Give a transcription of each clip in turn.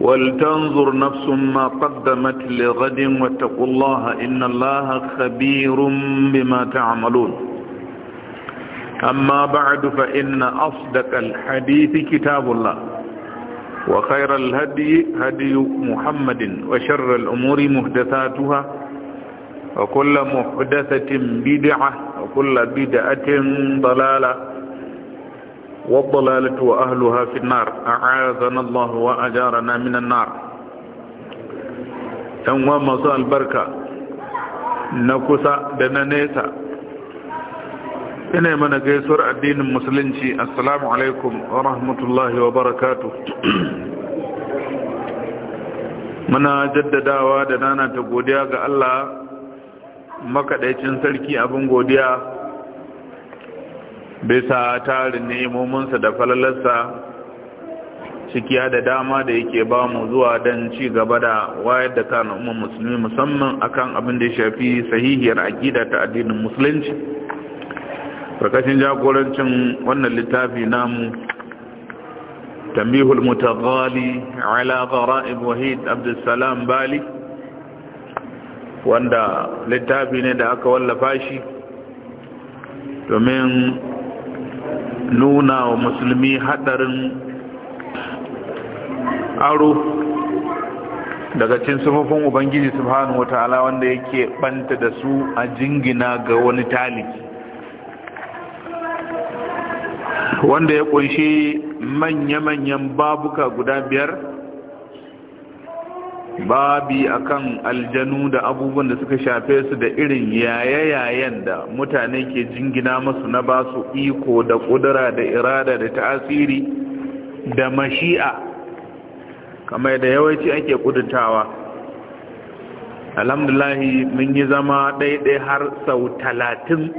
ولتنظر نفس ما قدمت لغد واتقوا الله إن الله خبير بما تعملون أما بعد فإن أصدق الحديث كتاب الله وخير الهدي هدي محمد وشر الأمور محدثاتها وكل محدثة بدعة وكل بدعة ضلالة wa والضلالة a في النار أعاذنا الله وأجارنا masu albarka. Na kusa da نكسا nesa. ina mana gaisuwar addinin musulunci assalamu alaikum wa rahmatullahi wa barakatu muna jaddadawa da nanata godiya ga Allah makaɗaicin sarki abin godiya bisa tarin nemominsa da falalarsa cikiya da dama da yake ba mu zuwa don ci gaba da wayar da kan umar musulmi musamman akan abin da ya shafi sahihiyar aƙida ta addinin musulunci karkashin jagorancin wannan littafi namu tambihul mutagali ala ghara'ib wahid abdulsalam bali wanda littafi ne da aka wallafa shi domin nuna wa musulmi hadarin aro daga cin sufafin ubangiji subhanahu wata'ala wanda yake banta da su a jingina ga wani taliki wanda ya kunshi manya-manyan babuka guda biyar babi akan aljanu da abubuwan da suka shafe su da irin yayayayen da mutane ke jingina masu na ba su iko da kudura da irada da tasiri da mashi'a kamar da yawanci ake kudutawa alhamdulahi mun yi zama ɗaiɗai har sau talatin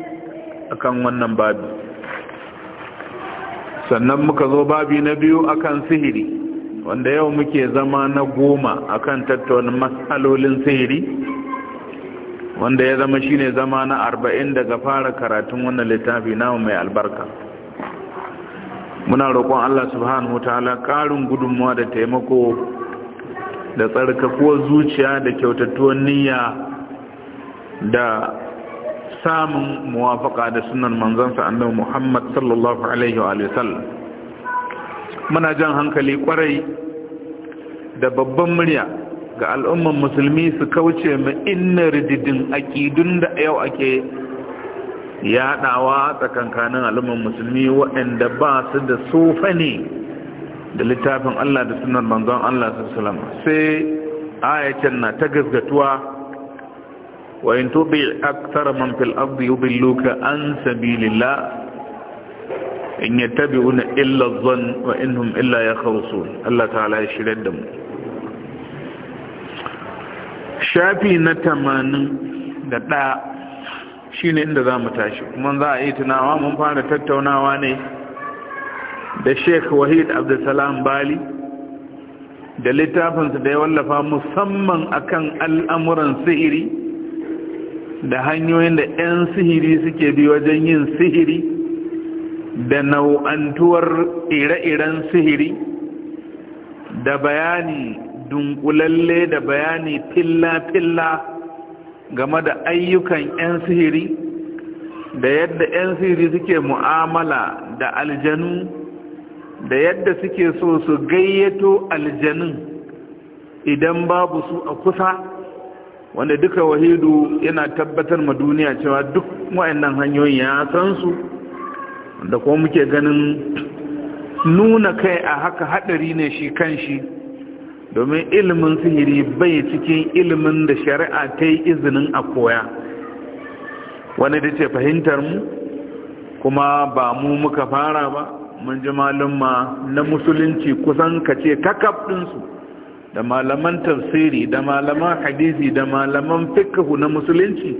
akan wannan babi sannan muka zo babi na biyu akan sihiri wanda yau muke zama na goma akan tattaunin matsalolin sihiri wanda ya zama shine zama na arba'in daga fara karatun wannan littafi namu mai albarka muna roƙon Allah subhanahu wa ta'ala ƙarin gudunmuwa da taimako da tsarkakuwar zuciya da kyautattuwar niyya da samun muwafaka da sunan manzansa annabi Muhammad sallallahu alaihi wa sallam muna jan hankali kwarai da babban murya ga al'umman musulmi su kauce mu inna rididin aƙidun da yau ake yaɗawa tsakankanin al'umman musulmi waɗanda ba su da sofa ne da littafin Allah da sunan manzon Allah sallama sai ayatan na ta gaskatuwa wa in tubi aktsara man fil ardi yubilluka an sabilillah in yattabi'una illa dhann wa innahum illa ya yakhrusun Allah ta'ala ya shirar da mu shafi na tamanin da da shine inda za mu tashi kuma za a yi tunawa mun fara tattaunawa ne da Sheikh Wahid Abdulsalam Bali da littafinsa da ya wallafa musamman akan al'amuran sihiri da hanyoyin da 'yan sihiri suke bi wajen yin sihiri da nau'antuwar ire-iren sihiri da bayani dunkulalle da bayani filla-filla game da ayyukan 'yan sihiri da yadda 'yan sihiri suke mu'amala da aljanu da yadda suke so su gayyato aljanun idan babu su a kusa wanda duka wahidu yana tabbatar ma duniya cewa duk wa'annan hanyoyin ya san su da kuma muke ganin nuna kai a haka hadari ne shi kan shi domin ilimin sihiri bai cikin ilimin da shari'a ta yi izinin a koya wani da ce fahimtar mu kuma ba mu muka fara ba mun ji malumma na musulunci kusan ka ce kakaf ɗinsu da malaman tafsiri da malaman hadisi da malaman fikahu na musulunci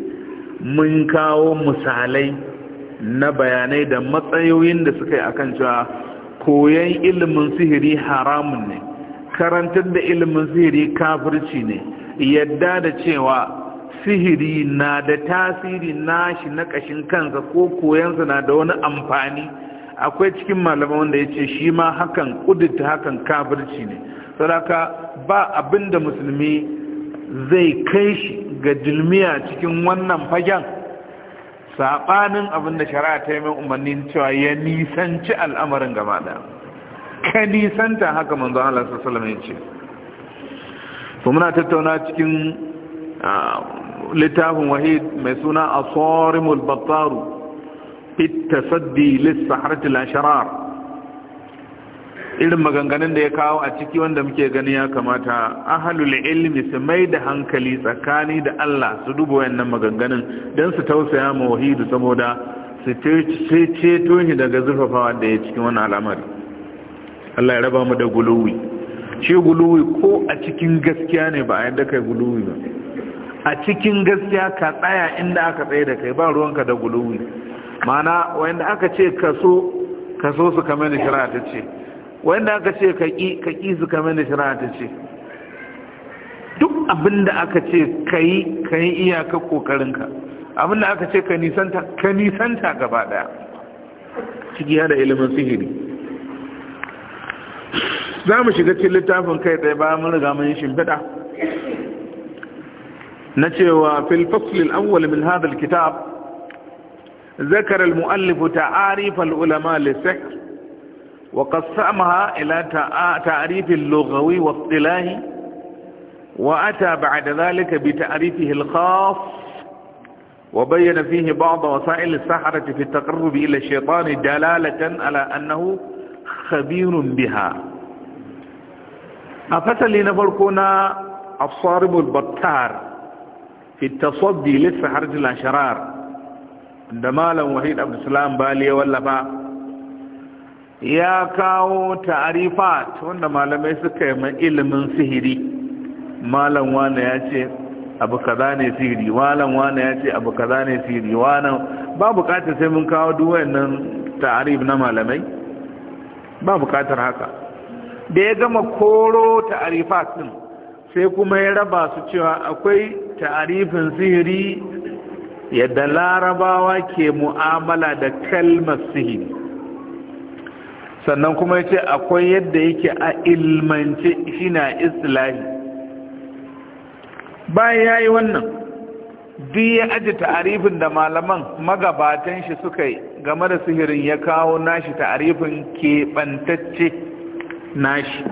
mun kawo misalai na bayanai da matsayoyin da suka yi a kan cewa koyon ilimin sihiri haramun ne karantar da ilimin sihiri kafirci ne yadda da cewa sihiri na da tasiri nashi na kashin kansa ko koyansa na da wani amfani akwai cikin malama wanda ya ce shi ma hakan kudurta hakan kafirci ne sadaka ba abin da musulmi zai kai shi ga jilmiya cikin wannan fagen saɓanin abin da shari'a ta yi min umarnin cewa ya nisanci al'amarin gaba ɗaya ka nisanta haka manzo Allah sallallahu alaihi ce muna tattauna cikin littafin wahid mai suna asarimul battaru fit tasaddi lis sahratil asharar irin maganganun da ya kawo a ciki wanda muke gani ya kamata ahalul ilmi su mai da hankali tsakani da Allah su duba wannan maganganun don su tausaya ma wahidu saboda su ceto shi daga zurfafawa da ya cikin wani al'amari Allah ya raba mu da guluwi shi guluwi ko a cikin gaskiya ne ba a yadda kai guluwi ba a cikin gaskiya ka tsaya inda aka tsaye da kai ba ruwanka da guluwi mana wanda aka ce kaso kaso su kamar da shari'a ta ce wanda aka ce ka ƙi su kamar da shari'a ta ce duk abinda aka ce ka yi ka yi iyaka ƙoƙarinka abinda aka ce ka nisanta gaba ɗaya ciki da ilimin sihiri za mu shiga cikin littafin kai ɗaya ba mun riga mun shimfiɗa na cewa fil awwal min hadha kitab zakara al mu'allif ta'arif al ulama li وقسمها إلى تعريف اللغوي واصطلاحي وأتى بعد ذلك بتعريفه الخاص وبين فيه بعض وسائل السحرة في التقرب إلى الشيطان دلالة على أنه خبير بها أفتل نفركنا الصارم البطار في التصدي للسحرة الأشرار عندما لم وحيد عبد السلام بالي ولا بقى ya kawo ta'arifat wanda malamai suka yi mai ilimin sihiri malam wane ya ce abu kaza ne sihiri malam wane ya ce abu kaza ne sihiri wane ba bukatar sai mun kawo duk wannan ta'arif na malamai ba bukatar haka da ya gama koro ta'arifat din sai kuma ya raba su cewa akwai ta'arifin sihiri yadda larabawa ke mu'amala da kalmar sihiri sannan kuma ya ce akwai yadda yake a ilmance shi na islahi bayan ya yi wannan duk ya aji ta'arifin da malaman magabatan shi suka yi game da sihirin ya kawo nashi ta'arifin keɓantacce nashi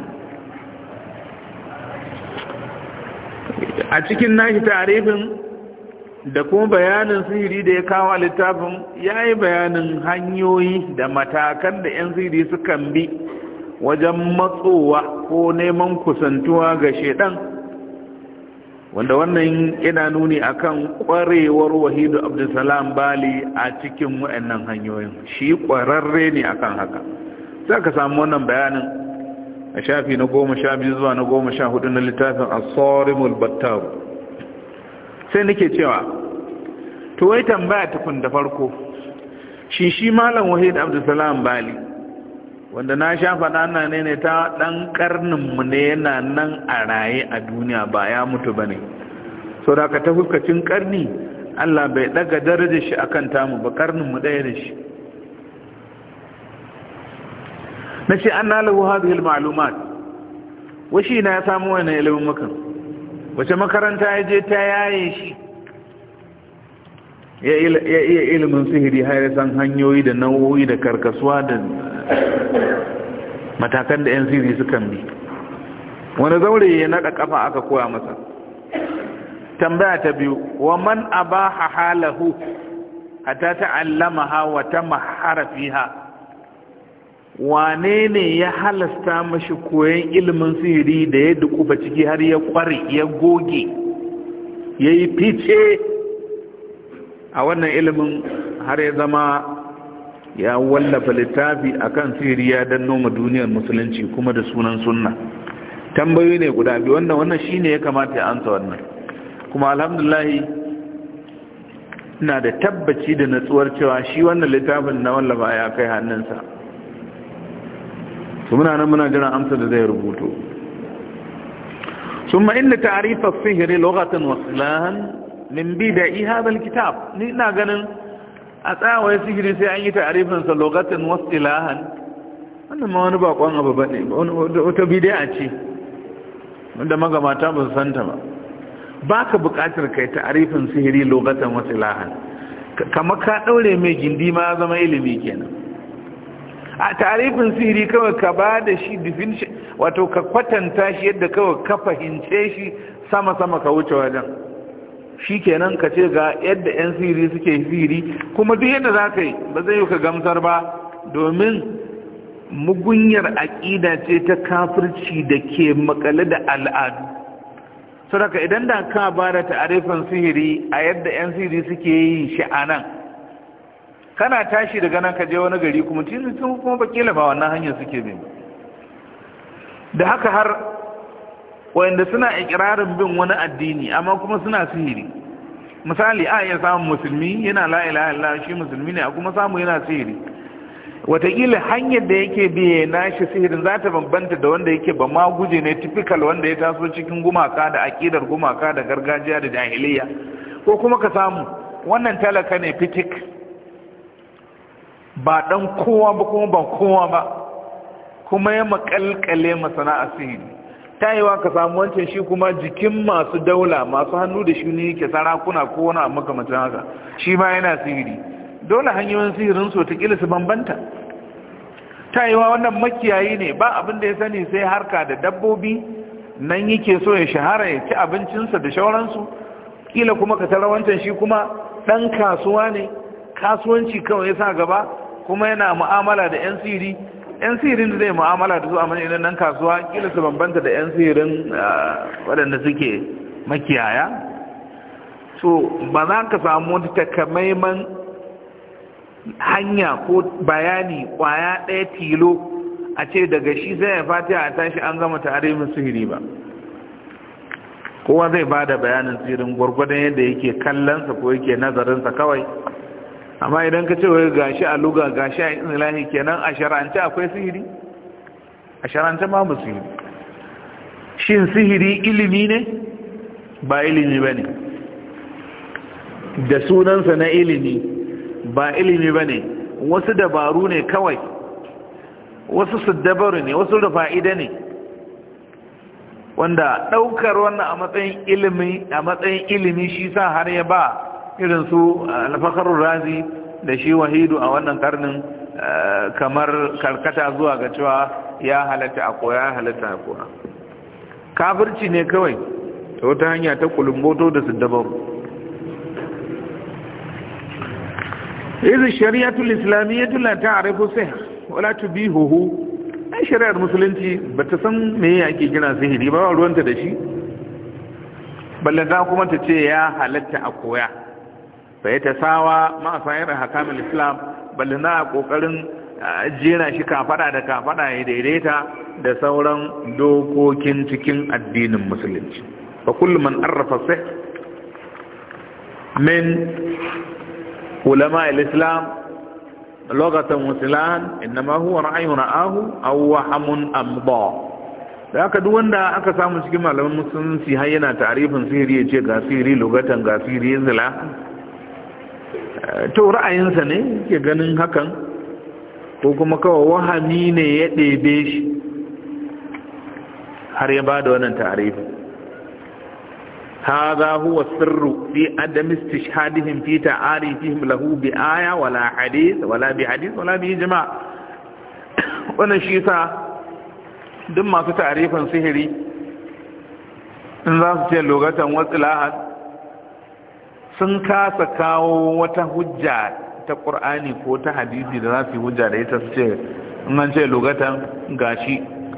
a cikin nashi ta'arifin da kuma bayanin sihiri da ya kawo a littafin ya yi bayanin hanyoyi da matakan da 'yan sihiri sukan bi wajen matsowa ko neman kusantuwa ga shaidan wanda wannan yana nuni akan kwarewar wahidu abdulsalam bali a cikin wa'annan hanyoyin shi ƙwararre ne akan haka za ka samu wannan bayanin a shafi na goma sha biyu zuwa na goma sha hudu na littafin asorimul battaru sai nake cewa to wai tambaya tukun da farko shi shi malam wahid abdulsalam bali wanda na sha faɗa na ne ne ta ɗan ƙarnin mu ne yana nan a raye a duniya ba ya mutu ba ne so da ka ta fuskacin ƙarni allah bai ɗaga darajar shi akan tamu ba mu ɗaya da shi na ce an na lahu malumat washi na ya samu wani ilimin makan wace makaranta ya je ta yaye shi ya iya ilimin sihiri har ya san hanyoyi da nau'o'i da karkasuwa da matakan da 'yan sihiri sukan bi wani zaure ya naɗa kafa aka koya masa tambaya ta biyu wa man ha halahu a ta'allama ha wa maharafi ha. wane ne ya halasta mashi koyon ilimin sihiri da ya dukufa ciki har ya kware ya goge ya yi fice a wannan ilimin har ya zama ya wallafa littafi akan sihiri ya don noma duniyar musulunci kuma da sunan sunna tambayoyi ne guda biyu wannan wannan ne ya kamata ya ansa wannan kuma alhamdulahi na da tabbaci da natsuwar cewa shi wannan littafin na wallafa ya kai hannunsa su muna nan muna jiran amsa da zai rubuto ثم إن تعريف الصهر لغة وصلاها min bid'i bal kitab ni ina ganin a tsawai sihiri sai an yi ta'arifin sa wasu ilahan wannan ma wani bakon abu ne wata a ce wanda magamata ba su santa ba baka buƙatar kai ta'arifin sihiri wasu ilahan kama ka ɗaure mai gindi ma zama ilimi kenan a ta'arifin sihiri kawai ka ba da shi definition wato ka kwatanta shi yadda kawai ka fahimce shi sama-sama ka wuce wajen shi kenan ka ce ga yadda 'yan siri suke siri kuma duk yadda za ka yi ba zai yi ka gamsar ba domin mugunyar aƙida ce ta kafirci da ke makale da al'adu sadaka idan da ka ba da ta'arifin sihiri a yadda 'yan siri suke yi shi a nan kana tashi daga nan ka je wani gari kuma cikin kuma bakila ba wannan hanyar suke bin da haka har wanda suna ikirarin bin wani addini amma kuma suna sihiri misali a iya samun musulmi yana la ilaha illallah shi musulmi ne a kuma samu yana sihiri wataƙila hanyar da yake biye nashi sihirin za ta bambanta da wanda yake ba ma guje ne typical wanda ya taso cikin gumaka da aƙidar gumaka da gargajiya da jahiliya ko kuma ka samu wannan talaka ne fitik ba ɗan kowa ba kuma ba kowa ba kuma ya makalkale masana'a sihiri tayewa ka samu wancan shi kuma jikin masu daula masu hannu da shi ne yake sarakuna ko wani abu haka shi ma yana sihiri dole hanyoyin sihirin su ta su bambanta tayewa wannan makiyayi ne ba abin da ya sani sai harka da dabbobi nan yake so ya shahara ya ci abincinsa da shauransu kila kuma ka tara wancan shi kuma ɗan kasuwa ne kasuwanci kawai ya sa gaba kuma yana mu'amala da 'yan sihiri yan sihirin da zai mu'amala da zuwa a idan nan kasuwa kila su bambanta da yan sihirin ah, waɗanda suke makiyaya so ba za ka samu wata takamaiman hanya ko bayani ƙwaya ɗaya tilo a ce daga shi sai ya fati a tashi an gama tarihin sihiri ba kowa zai ba da bayanin sihirin gwargwadon yadda yake kallonsa ko yake nazarinsa kawai amma idan ka ce wai gashi a luga gashi a inda lahi kenan a shara'ance akwai sihiri a shara'ance ma mu sihiri shin sihiri ilimi ne ba ilimi ba ne da sunansa na ilimi ba ilimi ba ne wasu dabaru ne kawai wasu sadabaru ne wasu da fa'ida ne wanda ɗaukar wannan a matsayin ilimi a matsayin ilimi shi sa har ya ba irin su eh, alfakar razi da shi wahidu a wannan karnin eh, kamar karkata zuwa ga cewa ya halatta a koya halatta a koya kafirci ne kawai ta wata hanya ta kulumboto da siddabaru izu shari'atul islamiyyatul la ta'rifu sihr wala tubihuhu ai shari'ar musulunci Ba ta san me ake kira sihiri ba ruwanta da shi ballanta kuma ta ce ya halatta a koya sai ta sawa ma sayar hakamin islam bal na kokarin jera shi kafada da kafada ya daidaita da sauran dokokin cikin addinin musulunci fa kullu man arrafa sai. min ulama lokacin islam لغة وسلان إنما هو ahu, رآه أو hamun amba da aka duk wanda aka samu cikin malamin musulunci har yana tarifin sihiri ya ce ga sihiri lugatan ga sihiri zila to ra'ayinsa ne ke ganin hakan ko kuma kawai wahani ne ya ɗebe shi har ya ba da wannan tarihi haza huwa sirru fi adam istishhadihim fi ta'arifihim lahu bi aya wala hadith wala bi hadith wala bi ijma wannan shi sa duk masu ta'arifin sihiri in za su ce lokacin wasu lahas. sun kasa kawo wata hujja ta ƙur'ani ko ta hadisi da za su yi hujja da ita su ce in an ce lugatan gashi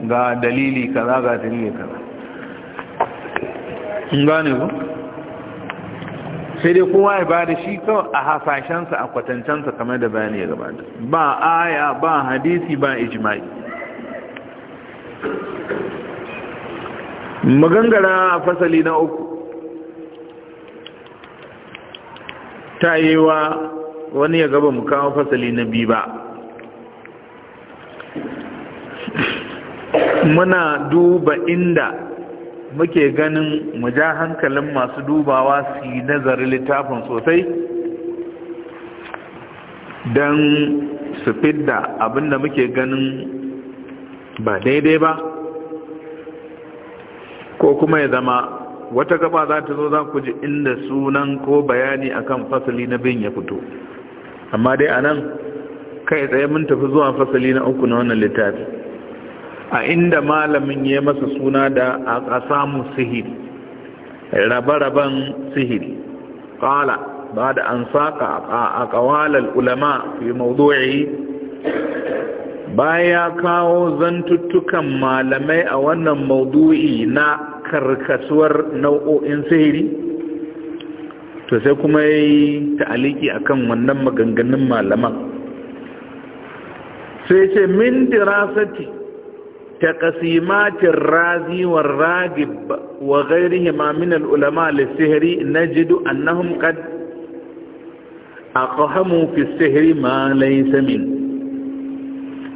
ga dalili kaza ga dalili kaza in gane ku sai dai kowa ya bada shi kawai a hasashensa a kwatancensa kamar da bayani ya gabata ba aya ba hadisi ba ijimai magangara a fasali na uku ta yi wani ya gaba mu kawo fasali na biyu ba muna duba inda muke ganin mu ja hankalin masu dubawa su yi nazarin littafin sosai don su fidda abinda muke ganin ba daidai ba ko kuma ya zama wata gaba za ta zo za ku ji inda sunan ko bayani akan fasali na bin ya fito amma dai anan kai tsaye mun tafi zuwa fasali na uku na wannan littafi a inda malamin ya masa suna da a mu sihiri rabe-raben sihiri ƙala ba da an saka a ƙawalar ulama fi mawdu'i ya kawo zantuttukan malamai a wannan maudu'i na karkasuwar nau'o'in sihiri to sai kuma ya yi ta'aliki a kan wannan maganganun malaman sai ce min dirasati ta kasimatin razi wa ragi wa gairihi maminal ulama lissihiri na jidu annahum kad a ƙahamu fi sihiri ma laisa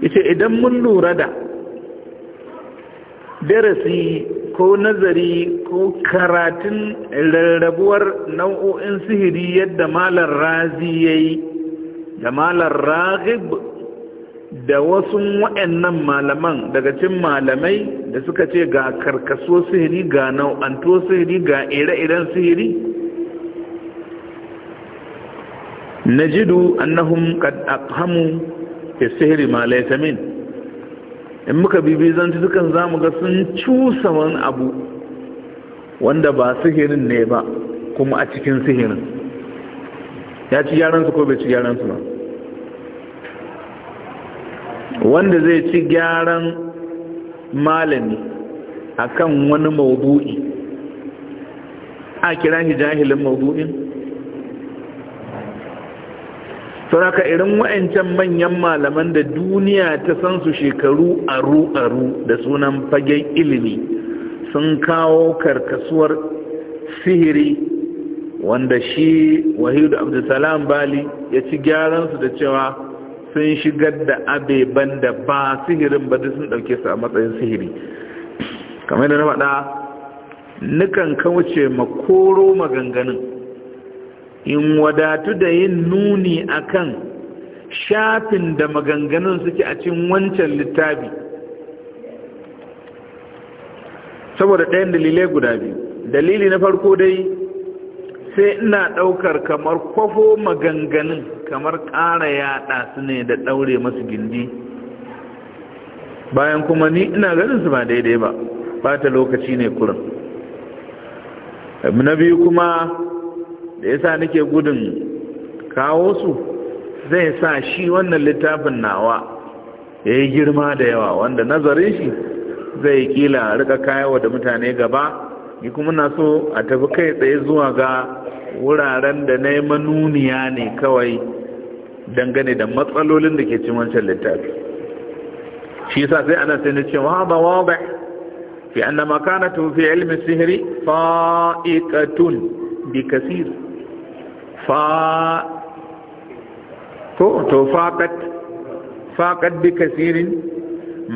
ita idan mun lura da darasi ko nazari ko karatun rarrabuwar nau'o'in sihiri yadda malar razi ya yi da malar ragib da wasu wa'annan malaman daga cin malamai da suka ce ga karkaso sihiri ga nau'anto sihiri ga ire-iren sihiri najidu annahum qad aqhamu fi sihiri ma in muka bibi zantukan za mu ga sun cusa wani abu wanda ba sihirin ne ba kuma a cikin sihirin ya ci gyaransu ko bai ci gyaransu ba wanda zai ci gyaran malami akan wani maudu'i a kiran shi jahilin maudu'in sauraka irin wa'ancan manyan malaman da duniya ta san su shekaru aru-aru da sunan fagen ilimi sun kawo karkasuwar sihiri wanda shi wahidu abdulsalam bali ya ci gyaran su da cewa sun shigar da abeban da ba sihirin ba sun dauke su a matsayin sihiri kamar da na faɗa nukan kauce makoro maganganun in wadatu da yin nuni akan shafin da maganganun suke a cikin wancan littafi saboda ɗayan dalilai guda biyu dalili na farko dai sai ina ɗaukar kamar kwafo maganganun kamar ƙara yaɗa su ne da ɗaure masu gindi bayan kuma ni ina ganin su ba daidai ba ba ta lokaci ne kurin na biyu kuma da yasa nake gudun kawo su zai sa shi wannan littafin nawa ya yi girma da yawa wanda nazarin shi zai kila rika kayawa da mutane gaba ni kuma na so a tafi kai tsaye zuwa ga wuraren da na yi manuniya ne kawai dangane da matsalolin da ke cin wancan littafi shi sa sai ana sai na ce wa ba wa ba fi annama kana tufi ilmi sihiri faikatun bi kasiru fa to بكثير faqat faqat bi kasirin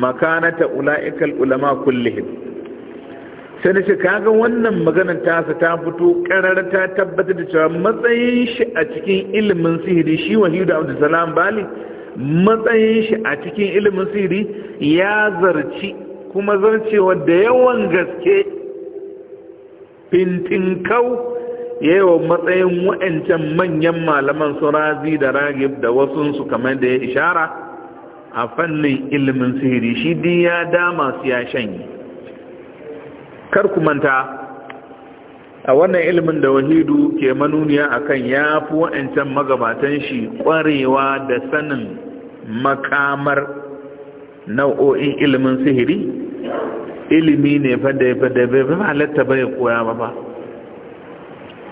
makanata ulaika ulama kullihim sai ka kaga wannan maganar tasa ta fito karar ta tabbatar da cewa matsayin shi a cikin ilimin sihiri shi wahidu salam bali matsayin shi a cikin ilimin sihiri ya zarci kuma zarcewa da yawan gaske fintinkau yawa matsayin wa'ancan manyan malaman su razi da ragib da su kamar da ya ishara a fannin ilimin sihiri shi din ya dama su ya shanye kar ku manta a wannan ilimin da wahidu ke manuniya akan ya fi wa'ancan magabatan shi kwarewa da sanin makamar nau'o'in ilimin sihiri ilimi ne fa da ya fi ya bai koya ba ba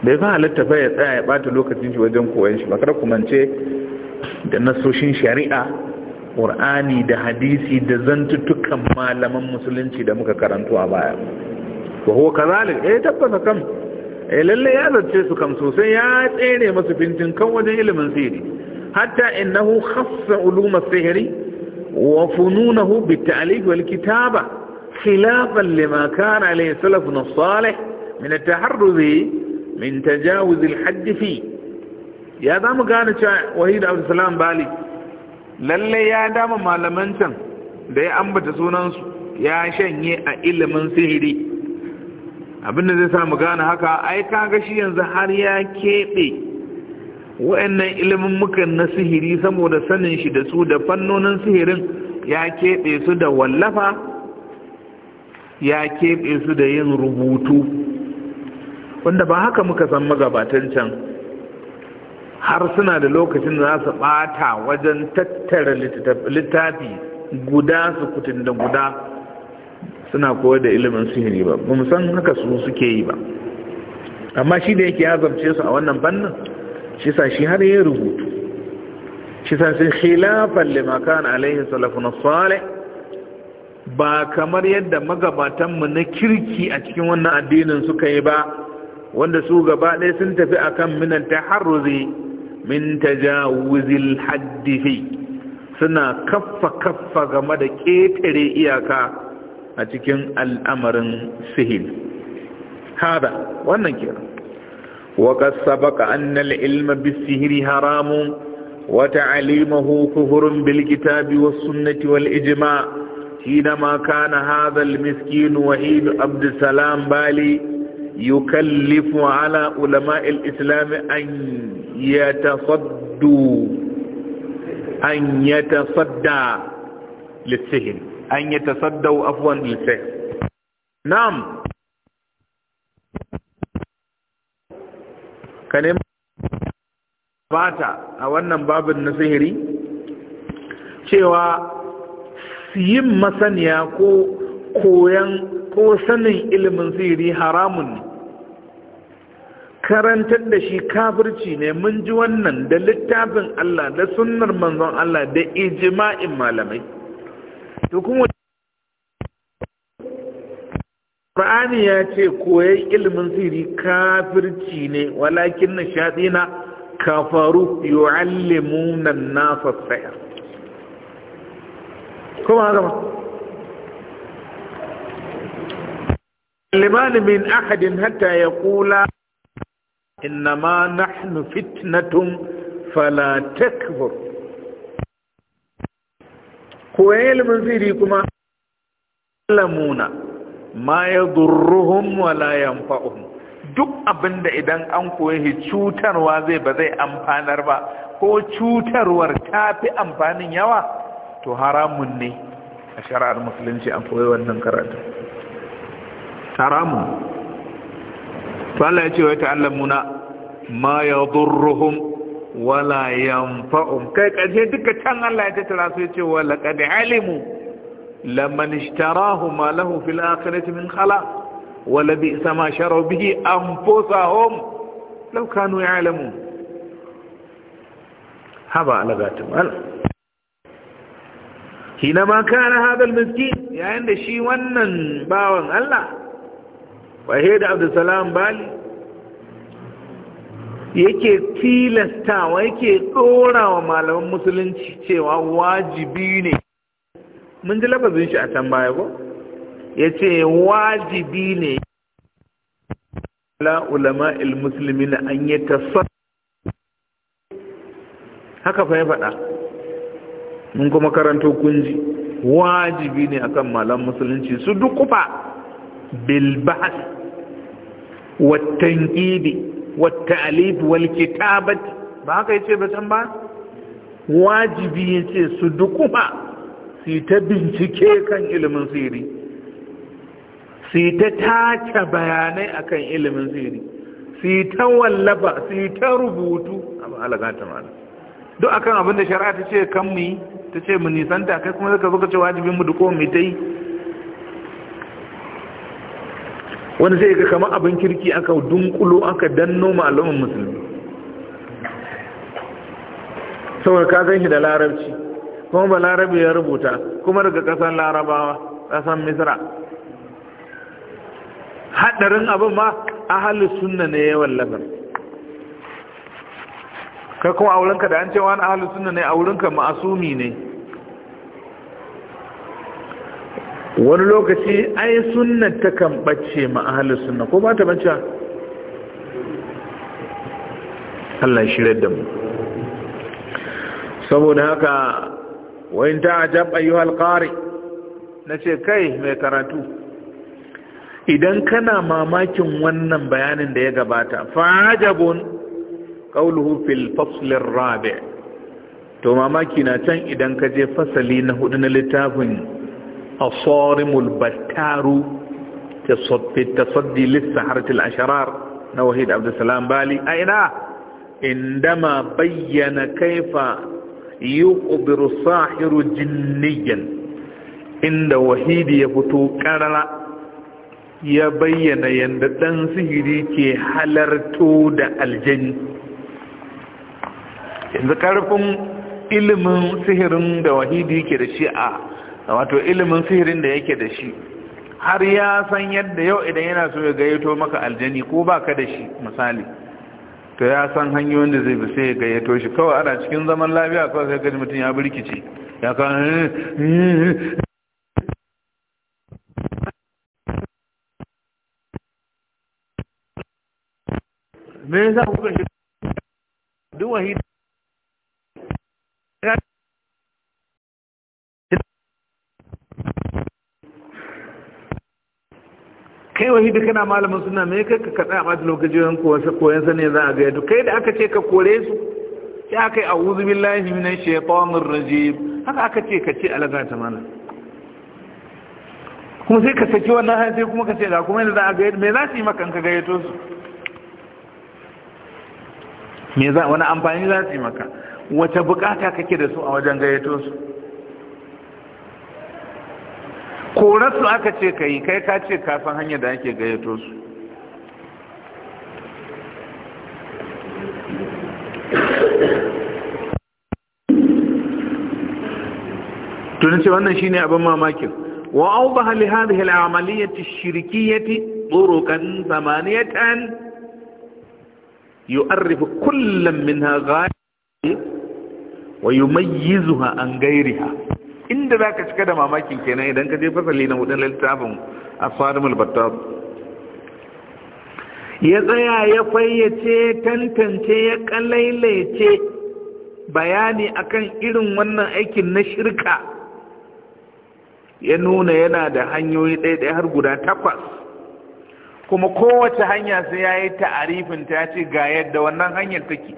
bai fa halatta ba ya tsaya ya bata lokacin shi wajen koyon shi bakar kumance da nasoshin shari'a ƙur'ani da hadisi da zantuttukan malaman musulunci da muka karanto a baya wa huwa kazalik eh tabbata kam eh lalle ya zance su kam sosai ya tsere masu fintin kan wajen ilimin sihiri hatta innahu khassa uluma sihiri wa fununahu bitalif wal kitaba khilafan lima kana alayhi salafun salih min at min tajawuzil hajji fi ya za mu gane cewa wahid abdulsalam bali Lallai ya dama malaman can da ya ambata sunansu ya shanye a ilimin sihiri abinda zai sa mu gane haka ai ka ga shi yanzu har ya keɓe wa'annan ilimin muka na sihiri saboda sanin shi da su da fannonin sihirin ya keɓe su da wallafa ya keɓe su da yin rubutu wanda ba haka muka san magabatan can har suna da lokacin da za su bata wajen tattara littafi guda su kutun da guda suna koyar da ilimin sihiri ba ba san haka su suke yi ba amma shi da yake ya su a wannan fannin shi sa shi har yin rubutu shi sa sun khilafan limakan alaihi na salih ba kamar yadda magabatanmu na kirki a cikin wannan addinin suka yi ba wanda su gaba ɗaya sun tafi a kan minan taharruzi min tajawuzil haddifi suna kaffa-kaffa game da ƙetare iyaka a cikin al'amarin sihin haɗa sabaka annal ilma bisihiri haramun wata alimahu kuhurin bilkitabi wasu sunnati wal ijima shi na maka na haɗa miskinu wa'idu abdulsalam bali yukallifu ala ulama al-islam an yatasaddu an ya lisihin an yatasadda afwan lisihin na'am ka bata a wannan babin na sihiri cewa yin masaniya ko koyan ko sanin ilimin sihiri haramun ne karantar da shi kafirci ne mun ji wannan da littafin Allah da sunnar manzon Allah da ijma'in malamai to kuma Qur'ani ya ce koyan ilimin sirri kafirci ne walakin nashadina kafaru yu'allimuna an-nasa sayr kuma haka ba min ahadin hatta ya kula innama نحن fitnatun فلا تكبر koyan ilimin sirri kuma ما ma ya ينفعهم wala yanfa'uhum duk abinda idan an koyi cutarwa zai ba zai amfanar ba ko cutarwar ta fi amfanin yawa to haramun ne a shari'ar musulunci an koyi wannan karatu haramun Allah ya ce wa muna. ma yadurruhum wala yanfa'um kai kaje duka can Allah ya tattara su ya ce wa laqad alimu laman ishtarahu ma lahu fil akhirati min khala wa la bi'sa sama sharu bihi anfusahum law kanu ya'lamun haba alagatum al hina ma kana hadha al miskin yayin da shi wannan bawan Allah wahe da abdulsalam bali yake tilastawa yake wa malaman musulunci cewa wajibi ne mun ji lafazin shi a can baya ko ya ce wajibi ne ala ulama ilmusulmi na an yi tasar haka fa ya faɗa mun kuma karanto kunji wajibi ne akan malaman musulunci su duk kufa bilbahas والتنقيد والتأليف والكتابة ba haka yace ba can ba wajibi yace su dukuma su ta bincike kan ilimin sirri su ta tace bayanai akan ilimin sirri su ta wallafa su ta rubutu amma alaga ta ma. duk akan abin da shari'a ta ce kan mu ta ce mu nisanta kai kuma zaka zo ka ce wajibin mu dukuma mu ta yi wani sai ga kamar abin kirki aka dunkulo aka danno malamin musulmi saboda ka san shi da larabci kuma ba larabi ya rubuta kuma daga kasan larabawa kasan misra haɗarin abin ma halin suna ne ya wallafa ka kuma a wurinka da an cewa a halin suna ne a wurinka ma'asumi ne wani lokaci ai sunna ta kan bace ma sunna ko ba ta bace Allah ya shirye da mu saboda haka wa ta ajab ayyuhal qari nace kai mai karatu idan kana mamakin wannan bayanin da ya gabata fa'ajabun qawluhu fil fasl ar-rabi' to mamaki na can idan ka je fasali na hudu na littafin الصارم البتار في التصدي للسحرة الأشرار نوهيد عبد السلام بالي أين عندما بين كيف يقبر الساحر جنيا عند وحيد يفتو كارلا ya bayyana yadda ɗan sihiri ke halarto da aljani yanzu ƙarfin ilimin sihirin da wahidi ke da shi a wato ilimin sihirin da yake da shi har ya san yadda yau idan yana so ya gayyato maka aljani ko baka da shi misali to ya san hanyoyin da zai bi sai ya gayyato shi kawai ana cikin zaman lafiya kawai sai gaji mutum ya birkice ya kan hmm, hmm, hmm. me yasa kuka shi duk tauhidi kana malamin suna mai kai ka kaɗa a lokacin koyon sani za a gaya kai da aka ce ka kore su sai aka yi a'udhu billahi minash shaitanir rajim haka aka ce ka ce alaga ta mana kuma sai ka saki wannan hanyar sai kuma ka ce da kuma yadda za a gaya me za su yi maka in ka gayyato su me za wani amfani za su yi maka wace bukata kake da su a wajen gayyato su korarsu aka ce ka yi kai ka ce kafin hanyar da ake gayyato su tunan ce wannan shi ne abin mamakin wa aubaha li hadhihi al ya ash-shirkiyyati turuqan thamaniyatan kullum min minha ghayri wa yumayyizuha an ha? inda za ka cika da mamakin kenan idan ka je fasali na hudun littafin a asfadimul battab ya tsaya ya fayyace tantance ya kalailaice bayani akan irin wannan aikin na shirka ya nuna yana da hanyoyi ɗaiɗai har guda takwas kuma kowace hanya sai ya yi ta'arifin ta ce ga yadda wannan hanyar take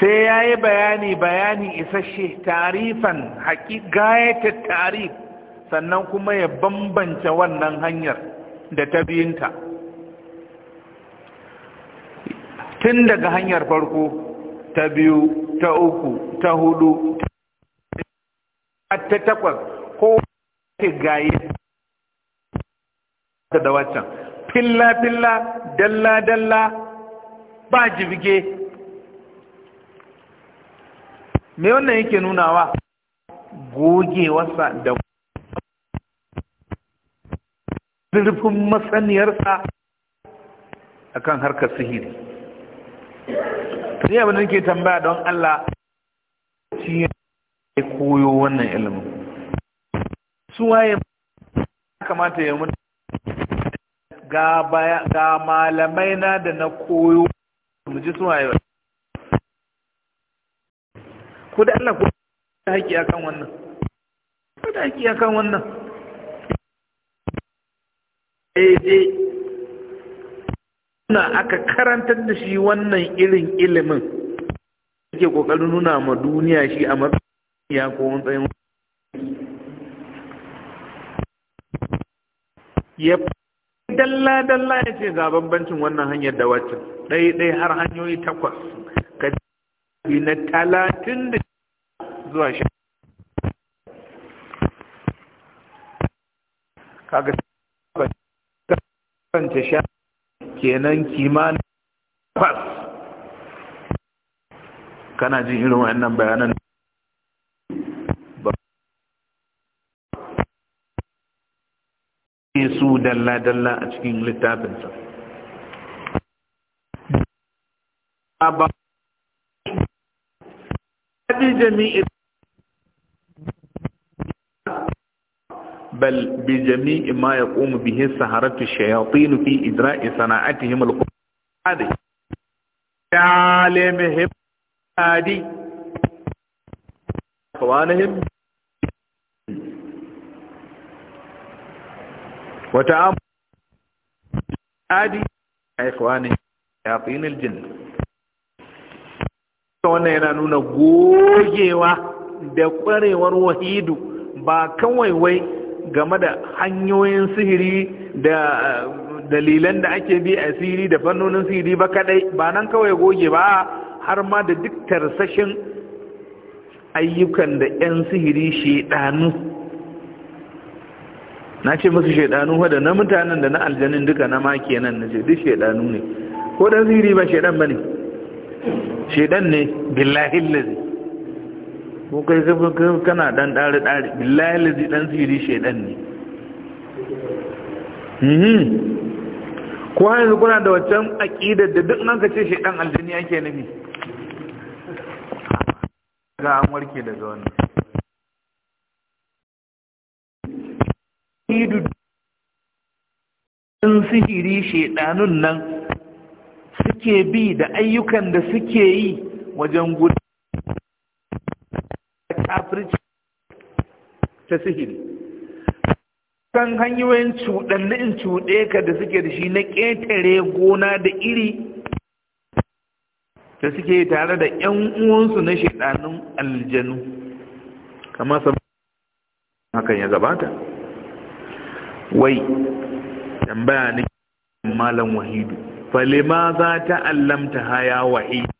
sai ya yi bayani bayani isasshe tarifan gayatar tarif sannan kuma ya bambance wannan hanyar da ta biyinta tun daga hanyar farko ta biyu ta uku ta hudu ta takwas ko ke gaye da waccan filla-filla dalla-dalla ba jibige me wannan yake nunawa gogewarsa da zurfin matsaniyarsa a kan harkar sihiri ne abin da nake tambaya don Allah shi ya koyo wannan ilimin su waye kamata ya mutu ga malamai na da na koyo mu ji su waye ku da Allah ku da haƙƙi akan wannan ko da a kan wannan daidai eh, na aka karantar da shi wannan irin ilimin ake ƙoƙarin nuna ma duniya shi a matsayin ya ko matsayin ya dalla-dalla ya ce ga bambancin wannan hanyar da wacce ɗai-ɗai har hanyoyi takwas ka na talatin da zuwa sha kaga kanta sha kenan kimanin fas kana jin irin wannan bayanan ne, su dalla-dalla a cikin littafinsa ba jami'i بل بجميع ما يقوم به السهرة الشياطين في إجراء صناعتهم القبر هذه تعالمهم هذه أخوانهم وتعامل هذه إخوانهم شياطين الجن wannan yana nuna gogewa da kwarewar wahidu ba kawai wai game da hanyoyin sihiri da dalilan da ake bi a sihiri da fannonin sihiri ba kadai ba nan kawai goge ba har ma da duk tarsashin ayyukan da 'yan sihiri shaidanu na ce musu shaidanu wadda na mutanen da na aljanin duka na ma kenan na ce duk shaidanu ne ko ɗan sihiri ba shaidan ba ne shaidan ne billahi ko kai kana dan dare dare billahi lazi dan siri shedan ne mhm ko yanzu kuna da waccan aqidar da duk nan ka ce shedan aljini yake nufi ga an warke daga wannan idu dan sihiri shedanun nan suke bi da ayyukan da suke yi wajen gudu ta sihiri kan hanyoyin cuɗanni in cuɗe ka da suke da shi na ƙetare gona da iri da suke tare da ƴan uwansu na shaɗanun aljanu kamar saman hakan ya gabata wai tambaya ne malam wahidu falima za ta allamta haya wahidu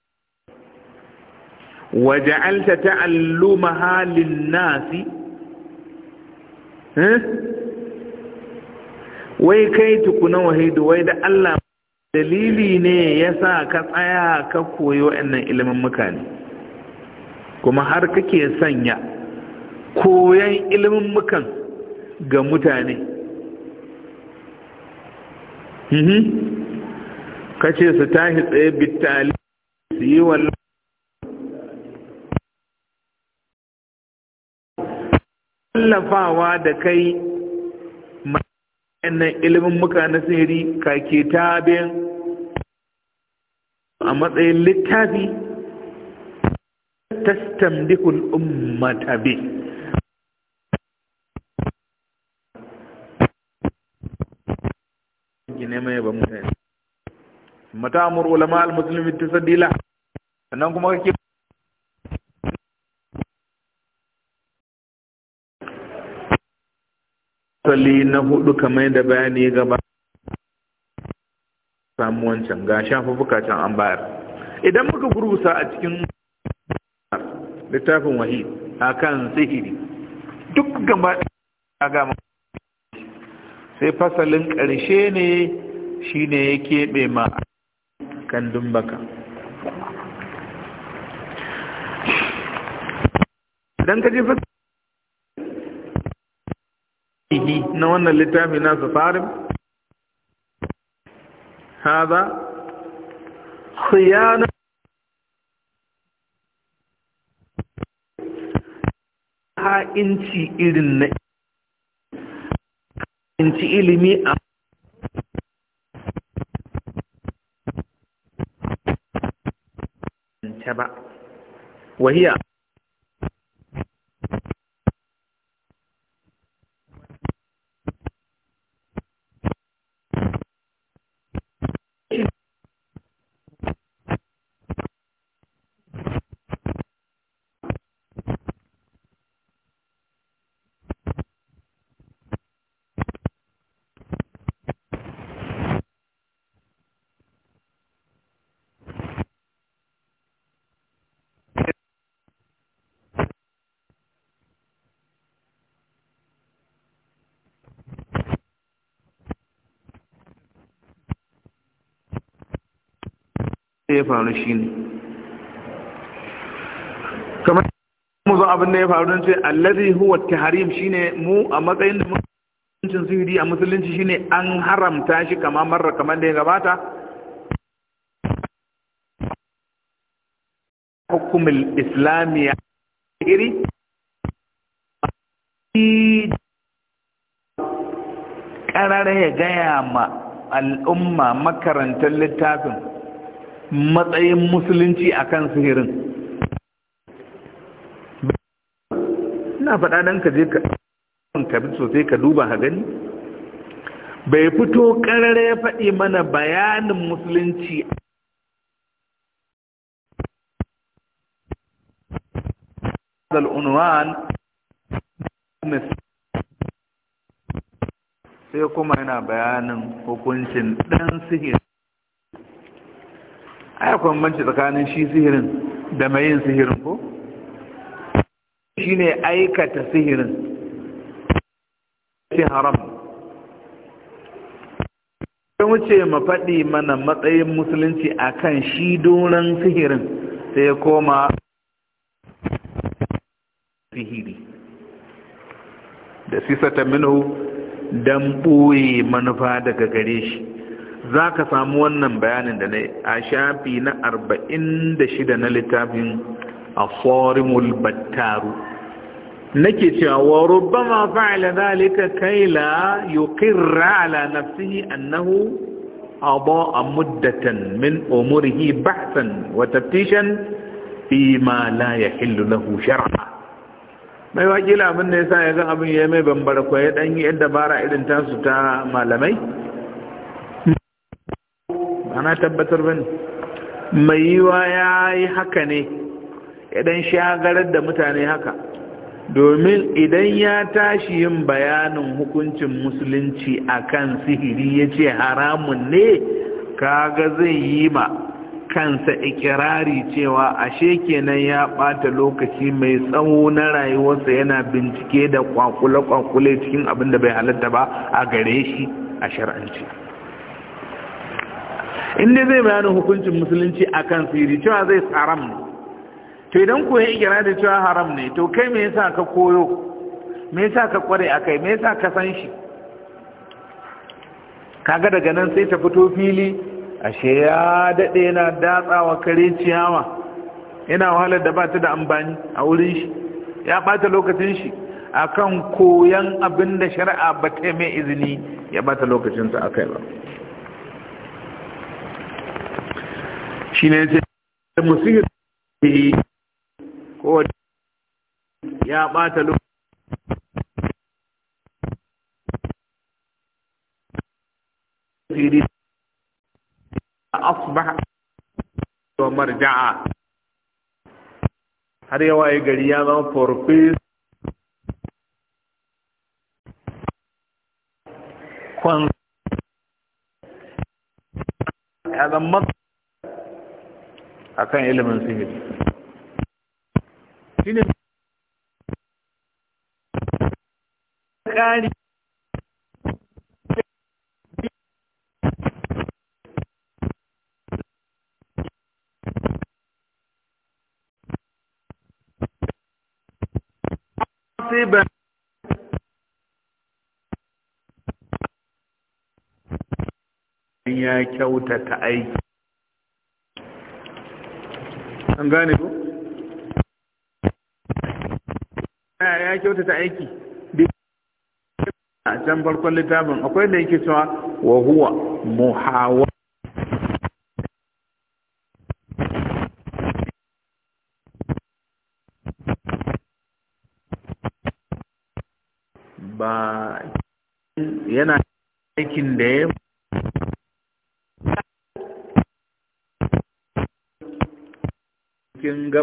ta alluma halin nasi Eh? wai kai tukuna wahidu wai da Allah dalili ne ya sa ka tsaya ka koyi wa'annan ilimin mukane kuma har kake sanya koyon ilimin mukan ga mutane mhm. Ka ce su tahi tsaye bitali su yi wallo tallafawa da kai ma'anan ilimin muka na sihiri ka ke tabin a matsayin littafi tastamdikul ummata bi gine mai ba mutane mata amur ulama al muslimin tasaddila sannan kuma kake asali na hudu kamar da bayani gaba samu wancan ga shafa bukatan an bayar idan muka gurusa a cikin littafin wahi a kan sihiri duk gaba gama sai fasalin ƙarshe ne shine ya keɓe ma kandun baka idan ka fasalin na wannan littafi nasa tsarin haza khiyana ha'inci irin na ha'inci ilimi a ba wahiya ya faru shi ne kamar mu zo abin da ya faru don ce allazi huwa shi shine mu a matsayin da mutuncin sihiri a musulunci shine an haramta shi kama marar kamar da ya gabata hukumul islamiyya iri ƙarare ya gaya ma al'umma makarantar littafin matsayin musulunci a kan sihirin ina faɗa ɗan ka je ka bi sosai ka duba ha gani bai fito ƙarare ya faɗi mana bayanin musulunci al'unwan sai kuma yana bayanin hukuncin ɗan sihir ai akwai banci tsakanin shi sihirin da mai yin sihirin ko shi ne aikata sihirin shi haram sai ma mafaɗi mana matsayin musulunci akan shi donan sihirin sai ya koma sihiri da sisata minhu don ɓoye manufa daga gare shi za ka samu wannan bayanin da na a shafi na arba'in da shida na littafin a forimul battaru nake cewa wa rubama fa'ala zalika kai la yuqirra ala nafsihi annahu adaa muddatan min umurihi bahsan wa taftishan fi ma la yahillu lahu shar'a mai wakila abin da yasa yaga abin yayi mai bambara ko ya dan yi dabara irin tasu ta malamai na tabbatar bane mai yiwa ya yi haka ne idan shagarar da mutane haka domin idan ya tashi yin bayanin hukuncin musulunci a kan sihiri ya ce haramun ne kaga zai yi ma kansa ikirari cewa ashe kenan ya ɓata lokaci mai tsawo na rayuwarsa yana bincike da kwakule-kwakule cikin abin da bai halatta ba a gare shi a shar'anci. in dai zai bayanin hukuncin musulunci a kan siri cewa zai haram ne to idan ku ya igira da cewa haram ne to kai me yasa ka koyo me yasa ka kware kai me yasa ka san shi kaga daga nan sai ta fito fili ashe ya dade yana datsawa kare ciyawa yana wahalar da ba ta da amfani a wurin shi ya bata lokacin shi akan koyan abin da shari'a ba ta mai izini ya bata lokacinsa akai ba shi ne ce da musihir ko ya ɓata lokaci asbah wa marja'a har yawa ya gari ya zama farfis kwan ya zama akan ilimin sihiri shine kari ya kyautata aiki gane ko ya kyautata aiki a can farkon littafin akwai da yake cewa wa huwa muhawa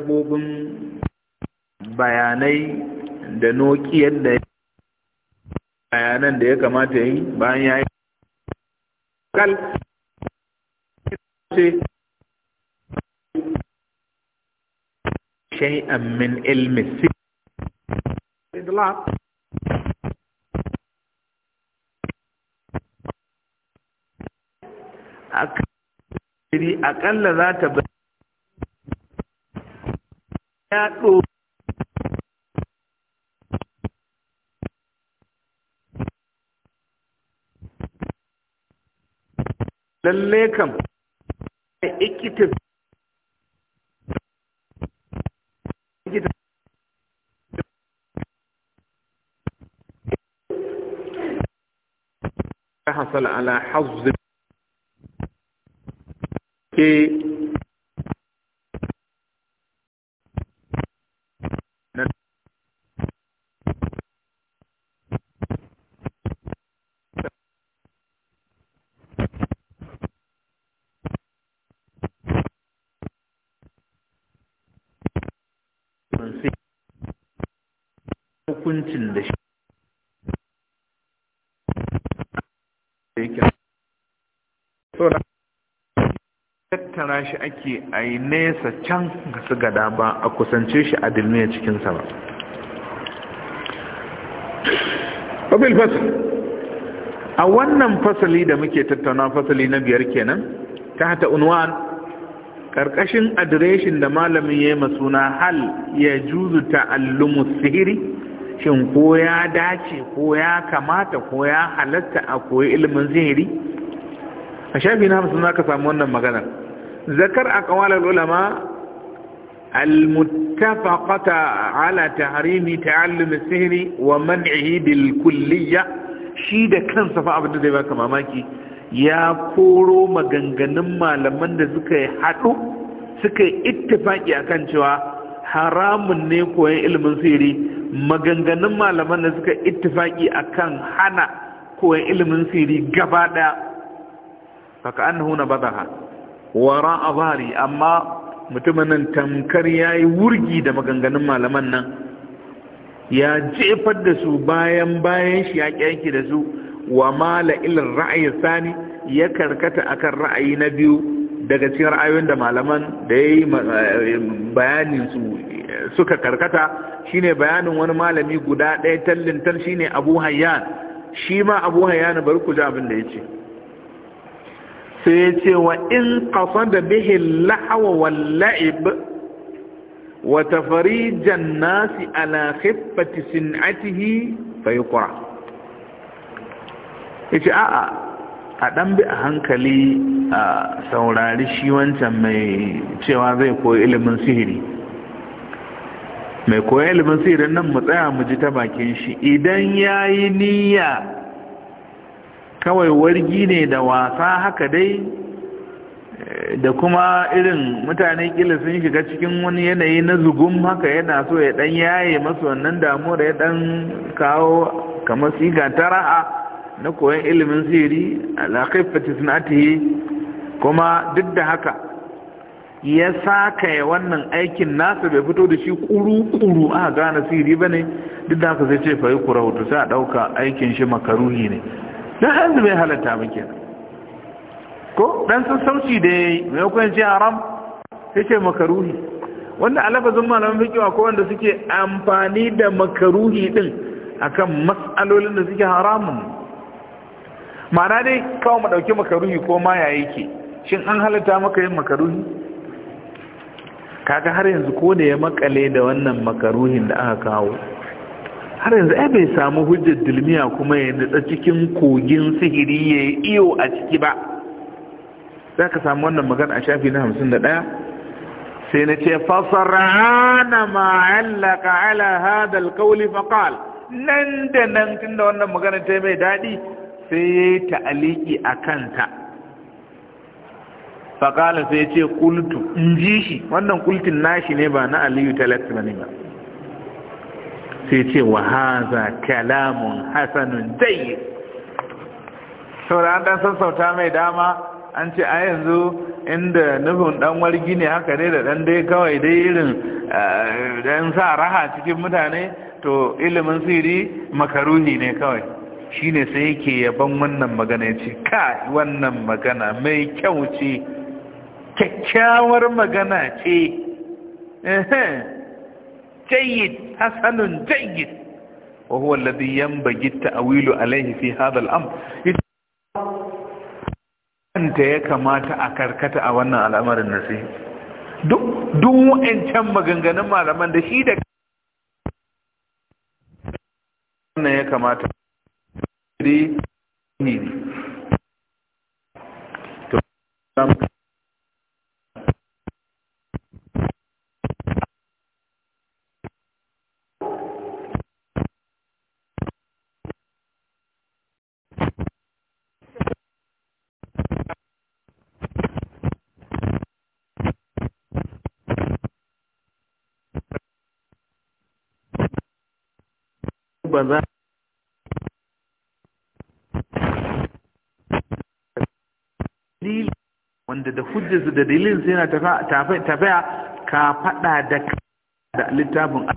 dabbobin bayanai da nokiyar da bayanan da ya kamata yi bayan ya yi kal shay'an min ilmi kan akalla za ta lalle kam ikita حصل على حظ ake a yi nesa can ga su gada ba a kusance shi a dilmiya cikinsa ba ƙafil a wannan fasali da muke tattauna fasali na biyar kenan ta hata unwan ƙarƙashin adireshin da malamin ya yi suna hal ya juzu ta'allumu sihiri shin ko ya dace ko ya kamata ko ya halatta a koyi ilimin zihiri a shafi na hamsin ka samu wannan maganar Zakar ذكر أقوال العلماء المتفقة على تحريم sihiri wa ومنعه بالكلية shi da kansa fa abin da zai baka mamaki ya koro maganganun malaman da suka yi haɗu suka yi ittifaki akan cewa haramun ne koyon ilimin sihiri maganganun malaman da suka ittifaki akan hana koyon ilimin sihiri gaba ɗaya baka an huna bazaha wara a bari amma mutumin nan tamkar ya yi wurgi da maganganun malaman nan ya jefar da su bayan bayan shi ya kyanki da su wa mala ilin ra'ayin sani ya karkata akan ra'ayi na biyu daga cikin ra'ayoyin da malaman da ya yi eh, bayanin su eh, suka karkata shine bayanin wani malami guda ɗaya tallin shine abu hayyan shi ma abu hayyan bari ku ji abin da ya ce sai ya ce wa in qasada bihi al-lahwa wal wa nasi ala khiffati sin'atihi fa yuqra yace a'a a dan bi a hankali a saurari shi wancan mai cewa zai koyi ilimin sihiri mai koyi ilimin sihirin nan mu tsaya mu ji ta bakin shi idan yayi niyya kawai wargi ne da wasa haka dai da kuma irin mutane kila sun shiga cikin wani yanayi na zugum haka yana so ya dan yaye masu wannan da ya dan kawo kamar siga tara'a na koyon ilimin siri alaƙaifati sunatihi kuma duk da haka ya saka wannan aikin nasa bai fito da shi kuru-kuru a gane siri ba ne duk da haka sai ce fa yi kura hutu sai a ɗauka aikin shi makaruhi ne dan hanzu bai halatta ba kenan ko dan sassauci da yayi mai kwan ce haram sai ce makaruhi wanda alafazin malaman fiqh ko wanda suke amfani da makaruhi ɗin akan mas'alolin da suke haramun Mana dai kawai mu dauki makaruhi ko ma ya yake shin an halatta maka yin makaruhi kaga har yanzu ko da ya makale da wannan makaruhin da aka kawo har yanzu ai bai samu hujjar dilmiya kuma ya nutsa cikin kogin sihiri ya yi iyo a ciki ba za ka samu wannan magana a shafi na hamsin da ɗaya sai na ce fasarana ma'allaka ala hadal kauli faƙal nan da nan tun da wannan magana ta mai daɗi sai ya yi ta'aliki a kanta faƙala sai ya ce kultu in ji shi wannan kultin nashi ne ba na aliyu ta ba ne ba sai ce wa haza kalamun hasanun zai saboda an dan sassauta mai dama an ce a yanzu inda nufin ɗanwar gini haka ne da dan dai kawai dai irin eh, dan sa raha cikin mutane to ilimin siri makaruni ne kawai shine sai yake yaban wannan magana ce, ka wannan magana mai kyau ce kyakkyawar magana ce jayyid hasanun jayyid wa huwa alladhi yanbaghi ta'wilu alayhi fi hadha al-amr kanta ya kamata a karkata a wannan al'amarin nasi duk duk wa'ancan maganganun malaman da shi da wannan ya kamata to za wanda da hujjarsu da dalilin sai na tafiya ka faɗa da littafin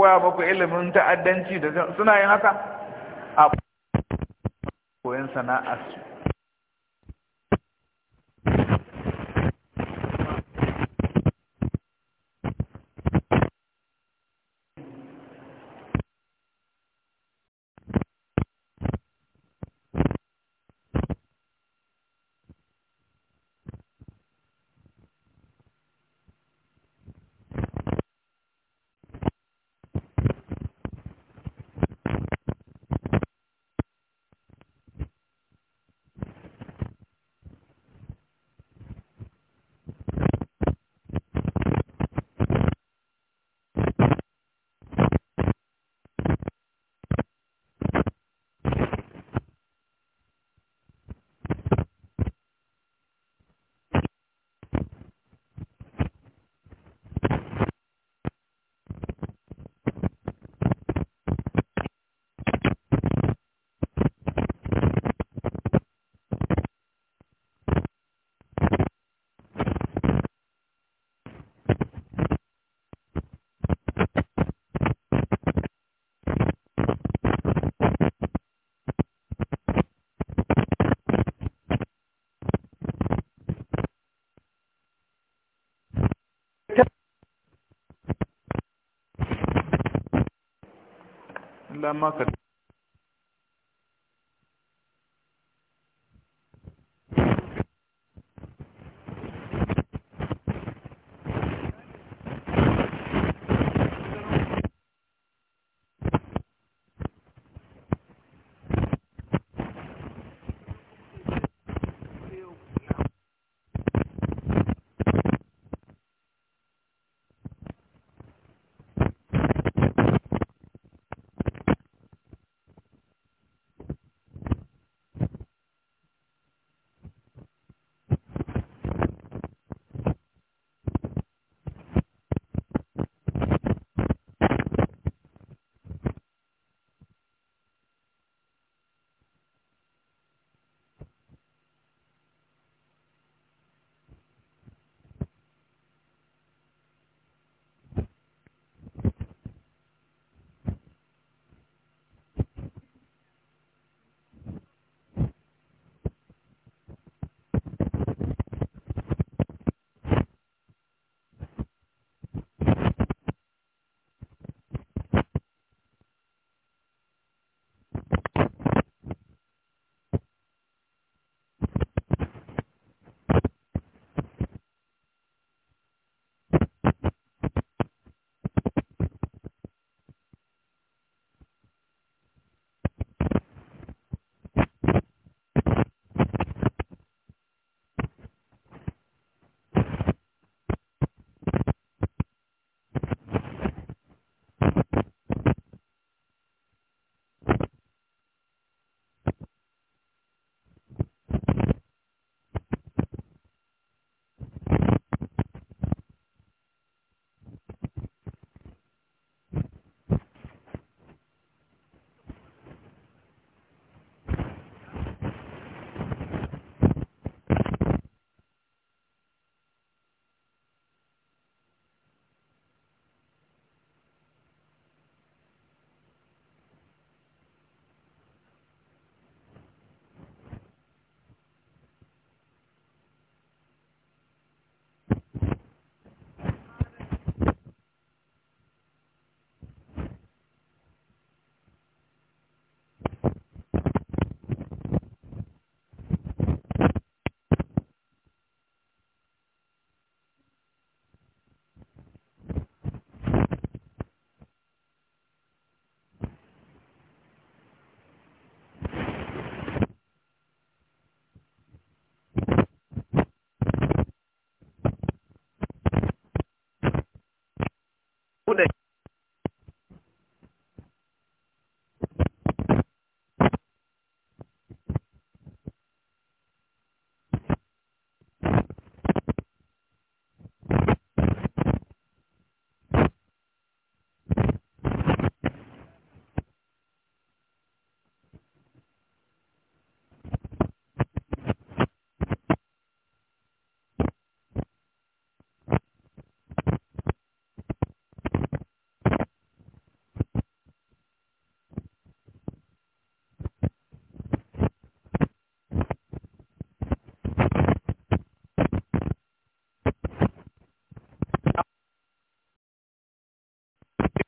koya muku ilimin ta'addanci da suna yin haka a koyon su. illa ma